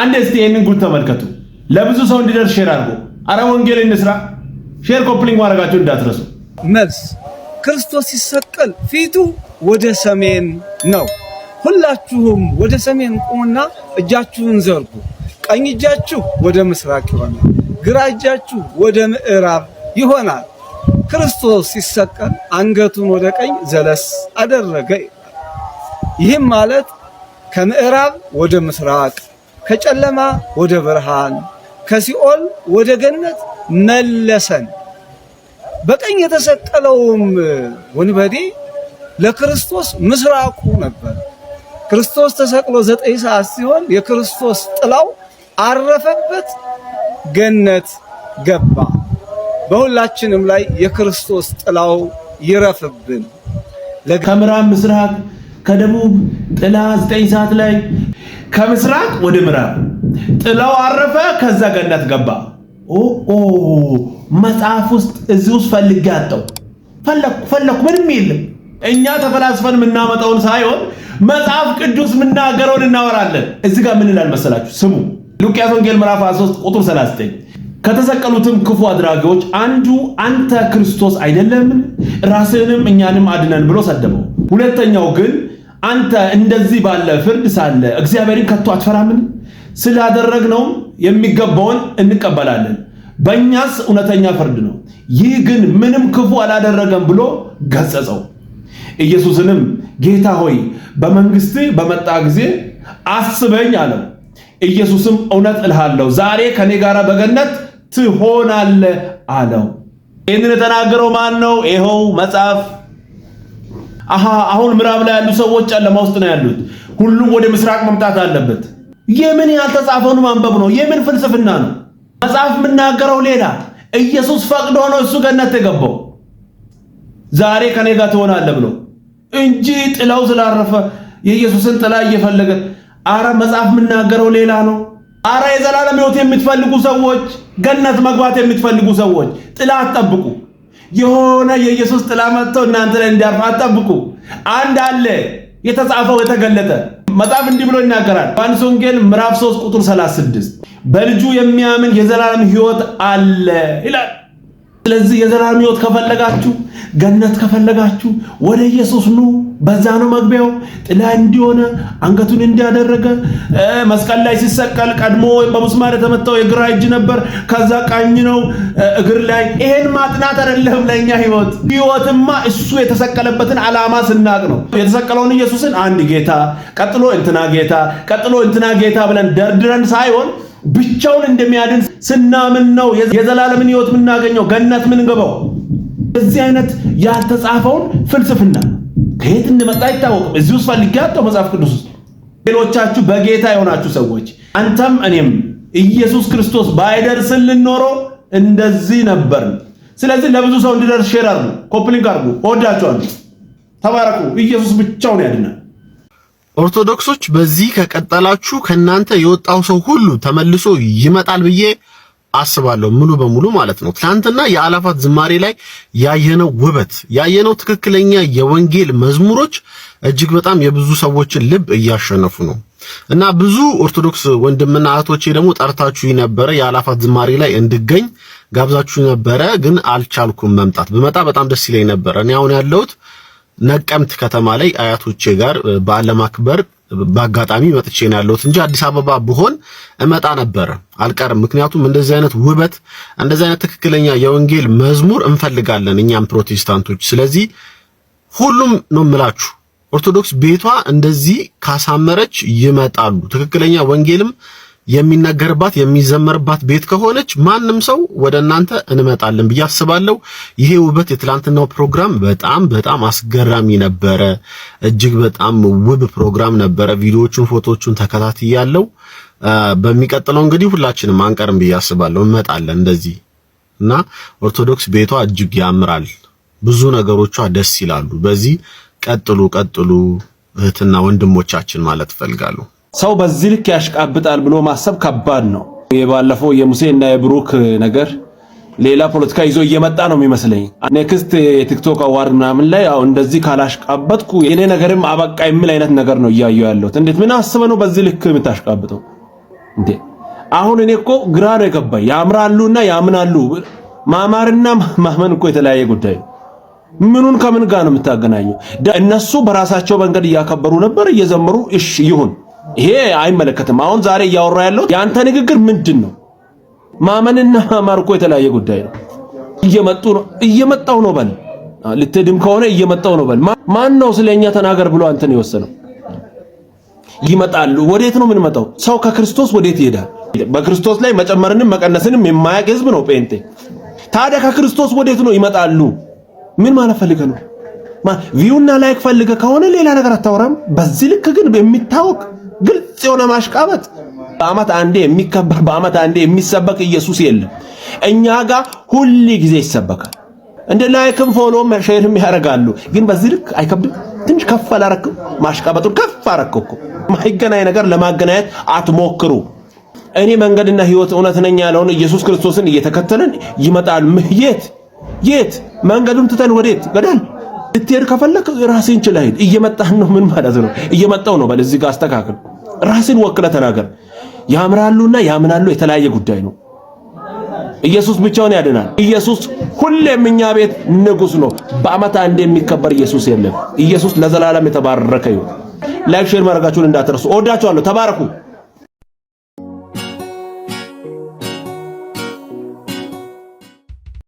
አንድ እስቲ ይህንን ጉድ ተመልከቱ። ለብዙ ሰው እንዲደርስ ሼር አድርጎ አረ ወንጌል እንስራ። ሼር ኮፕሊንግ ማድረጋችሁ እንዳትረሱ። መልስ ክርስቶስ ሲሰቀል ፊቱ ወደ ሰሜን ነው። ሁላችሁም ወደ ሰሜን ቁሙና እጃችሁን ዘርጉ። ቀኝ እጃችሁ ወደ ምስራቅ ይሆናል፣ ግራ እጃችሁ ወደ ምዕራብ ይሆናል። ክርስቶስ ሲሰቀል አንገቱን ወደ ቀኝ ዘለስ አደረገ ይላል። ይህም ማለት ከምዕራብ ወደ ምስራቅ ከጨለማ ወደ ብርሃን፣ ከሲኦል ወደ ገነት መለሰን። በቀኝ የተሰቀለውም ወንበዴ ለክርስቶስ ምስራቁ ነበር። ክርስቶስ ተሰቅሎ ዘጠኝ ሰዓት ሲሆን የክርስቶስ ጥላው አረፈበት፣ ገነት ገባ። በሁላችንም ላይ የክርስቶስ ጥላው ይረፍብን። ከምዕራብ ምስራቅ፣ ከደቡብ ጥላ ዘጠኝ ሰዓት ላይ ከምስራቅ ወደ ምዕራብ ጥላው አረፈ። ከዛ ገነት ገባ። ኦ መጽሐፍ ውስጥ እዚህ ውስጥ ፈልጌ አጣው። ፈለኩ ፈለኩ፣ ምንም የለም። እኛ ተፈላስፈን የምናመጣውን ሳይሆን መጽሐፍ ቅዱስ የምናገረውን እናወራለን። እዚህ ጋር ምን ይላል መሰላችሁ? ስሙ ሉቃስ ወንጌል ምዕራፍ 23 ቁጥር 39 ከተሰቀሉትም ክፉ አድራጊዎች አንዱ አንተ ክርስቶስ አይደለምን? ራስህንም እኛንም አድነን ብሎ ሰደበው። ሁለተኛው ግን አንተ እንደዚህ ባለ ፍርድ ሳለ እግዚአብሔርን ከቶ አትፈራምን? ነው የሚገባውን እንቀበላለን፣ በእኛስ እውነተኛ ፍርድ ነው። ይህ ግን ምንም ክፉ አላደረገም ብሎ ገሰጸው። ኢየሱስንም ጌታ ሆይ በመንግሥትህ በመጣ ጊዜ አስበኝ አለው። ኢየሱስም እውነት እልሃለሁ ዛሬ ከኔ ጋር በገነት ትሆናለህ አለው። ይህንን የተናገረው ማን ነው? ይኸው መጽሐፍ አሀ አሁን ምዕራብ ላይ ያሉ ሰዎች ጨለማ ውስጥ ነው ያሉት። ሁሉም ወደ ምስራቅ መምጣት አለበት። የምን ያልተጻፈውን ማንበብ ነው? የምን ፍልስፍና ነው? መጽሐፍ የምናገረው ሌላ፣ ኢየሱስ ፈቅዶ ነው እሱ ገነት የገባው። ዛሬ ከኔ ጋር ትሆናለህ ብሎ እንጂ ጥላው ስላረፈ የኢየሱስን ጥላ እየፈለገ አረ መጽሐፍ የምናገረው ሌላ ነው። አረ የዘላለም ሕይወት የምትፈልጉ ሰዎች፣ ገነት መግባት የምትፈልጉ ሰዎች ጥላ አትጠብቁ። የሆነ የኢየሱስ ጥላ መጥቶ እናንተ ላይ እንዲያርፍ አንድ አለ የተጻፈው የተገለጠ መጽሐፍ እንዲህ ብሎ ይናገራል። ዮሐንስ ወንጌል ምዕራፍ 3 ቁጥር 36 በልጁ የሚያምን የዘላለም ሕይወት አለ ይላል። ስለዚህ የዘላለም ሕይወት ከፈለጋችሁ ገነት ከፈለጋችሁ ወደ ኢየሱስ ኑ። በዛ ነው መግቢያው። ጥላ እንዲሆነ አንገቱን እንዲያደረገ መስቀል ላይ ሲሰቀል ቀድሞ በሙስማር የተመታው የግራ እጅ ነበር፣ ከዛ ቀኝ ነው እግር ላይ። ይሄን ማጥናት አይደለም ለእኛ ህይወት። ህይወትማ እሱ የተሰቀለበትን ዓላማ ስናቅ ነው። የተሰቀለውን ኢየሱስን አንድ ጌታ፣ ቀጥሎ እንትና ጌታ፣ ቀጥሎ እንትና ጌታ ብለን ደርድረን ሳይሆን ብቻውን እንደሚያድን ስናምን ነው የዘላለምን ህይወት የምናገኘው ገነት ምንገባው። በዚህ አይነት ያልተጻፈውን ፍልስፍና ከየት እንደመጣ አይታወቅም። እዚህ ውስጥ ፈልጌ አጣሁ መጽሐፍ ቅዱስ ውስጥ። ሌሎቻችሁ በጌታ የሆናችሁ ሰዎች አንተም እኔም ኢየሱስ ክርስቶስ ባይደርስልን ኖሮ እንደዚህ ነበር ስለዚህ ለብዙ ሰው እንዲደርስ ሼር አድርጉ፣ ኮፕሊንግ አድርጉ። ወዳችኋል። ተባረኩ። ኢየሱስ ብቻውን ያድናል። ኦርቶዶክሶች በዚህ ከቀጠላችሁ ከእናንተ የወጣው ሰው ሁሉ ተመልሶ ይመጣል ብዬ አስባለሁ ሙሉ በሙሉ ማለት ነው። ትናንትና የአላፋት ዝማሬ ላይ ያየነው ውበት ያየነው ትክክለኛ የወንጌል መዝሙሮች እጅግ በጣም የብዙ ሰዎችን ልብ እያሸነፉ ነው እና ብዙ ኦርቶዶክስ ወንድምና እህቶቼ ደግሞ ጠርታችሁ ነበረ። የአላፋት ዝማሬ ላይ እንድገኝ ጋብዛችሁ ነበረ፣ ግን አልቻልኩም መምጣት። ብመጣ በጣም ደስ ይለኝ ነበረ። እኔ አሁን ያለሁት ነቀምት ከተማ ላይ አያቶቼ ጋር በዓል ለማክበር በአጋጣሚ መጥቼ ነው ያለሁት እንጂ አዲስ አበባ ብሆን እመጣ ነበረ፣ አልቀርም። ምክንያቱም እንደዚህ አይነት ውበት፣ እንደዚህ አይነት ትክክለኛ የወንጌል መዝሙር እንፈልጋለን እኛም ፕሮቴስታንቶች። ስለዚህ ሁሉም ነው የምላችሁ ኦርቶዶክስ ቤቷ እንደዚህ ካሳመረች ይመጣሉ። ትክክለኛ ወንጌልም የሚነገርባት የሚዘመርባት ቤት ከሆነች ማንም ሰው ወደ እናንተ እንመጣለን ብዬ አስባለሁ። ይሄ ውበት የትላንትናው ፕሮግራም በጣም በጣም አስገራሚ ነበረ። እጅግ በጣም ውብ ፕሮግራም ነበረ። ቪዲዮዎቹን፣ ፎቶዎቹን ተከታትያለሁ። በሚቀጥለው እንግዲህ ሁላችንም አንቀርም ብዬ አስባለሁ እንመጣለን እንደዚህ እና ኦርቶዶክስ ቤቷ እጅግ ያምራል። ብዙ ነገሮቿ ደስ ይላሉ። በዚህ ቀጥሉ ቀጥሉ እህትና ወንድሞቻችን ማለት እፈልጋለሁ። ሰው በዚህ ልክ ያሽቃብጣል ብሎ ማሰብ ከባድ ነው። የባለፈው የሙሴና የብሩክ ነገር ሌላ ፖለቲካ ይዞ እየመጣ ነው የሚመስለኝ። ኔክስት የቲክቶክ አዋርድ ምናምን ላይ አሁን እንደዚህ ካላሽቃበጥኩ የኔ ነገርም አበቃ የሚል አይነት ነገር ነው እያየሁ ያለሁት። እንዴት ምን አስበህ ነው በዚህ ልክ የምታሽቃብጠው እንዴ? አሁን እኔ እኮ ግራ ነው የገባኝ። ያምራሉና ያምናሉ። ማማርና ማመን እኮ የተለያየ ጉዳይ ምኑን ከምን ጋር ነው የምታገናኘው? እነሱ በራሳቸው መንገድ እያከበሩ ነበር፣ እየዘመሩ እሺ ይሁን ይሄ አይመለከትም። አሁን ዛሬ እያወራ ያለው የአንተ ንግግር ምንድን ነው? ማመንና ማማር እኮ የተለያየ ጉዳይ ነው። እየመጡ ነው እየመጣው ነው በል፣ ልትድም ከሆነ እየመጣው ነው በል። ማን ነው ስለኛ ተናገር ብሎ አንተን የወሰነው? ይመጣሉ። ወዴት ነው የምንመጣው? ሰው ከክርስቶስ ወዴት ይሄዳል? በክርስቶስ ላይ መጨመርንም መቀነስንም የማያውቅ ህዝብ ነው ጴንጤ። ታዲያ ከክርስቶስ ወዴት ነው ይመጣሉ? ምን ማለት ፈልገ ነው? ቪውና ላይክ ፈልገ ከሆነ ሌላ ነገር አታወራም። በዚህ ልክ ግን የሚታወቅ ግልጽ የሆነ ማሽቃበጥ። በአመት አንዴ የሚከበር በዓመት አንዴ የሚሰበክ ኢየሱስ የለም። እኛ ጋር ሁል ጊዜ ይሰበካል። እንደ ላይክም ፎሎም ሼርም ያደርጋሉ። ግን በዚህ ልክ አይከብድም። ትንሽ ከፍ አላረክም? ማሽቃበጡን ከፍ አረክኩ። ማይገናኝ ነገር ለማገናኘት አትሞክሩ። እኔ መንገድና ህይወት እውነት ነኝ ያለውን ኢየሱስ ክርስቶስን እየተከተለን ይመጣል። የት የት መንገዱን ትተን ወዴት ገዳል ልትሄድ ከፈለክ ራስህን ችለህ ሂድ። እየመጣህ ነው። ምን ማለት ነው? እየመጣው ነው በል። እዚህ ጋር አስተካክል። ራስን ወክለ ተናገር። ያምራሉና ያምናሉ የተለያየ ጉዳይ ነው። ኢየሱስ ብቻውን ያድናል። ኢየሱስ ሁሌም እኛ ቤት ንጉስ ነው። በአመት አንድ የሚከበር ኢየሱስ የለም። ኢየሱስ ለዘላለም የተባረከ ይሁን። ላይክ ሼር ማድረጋችሁን እንዳትረሱ። እወዳችኋለሁ። ተባረኩ።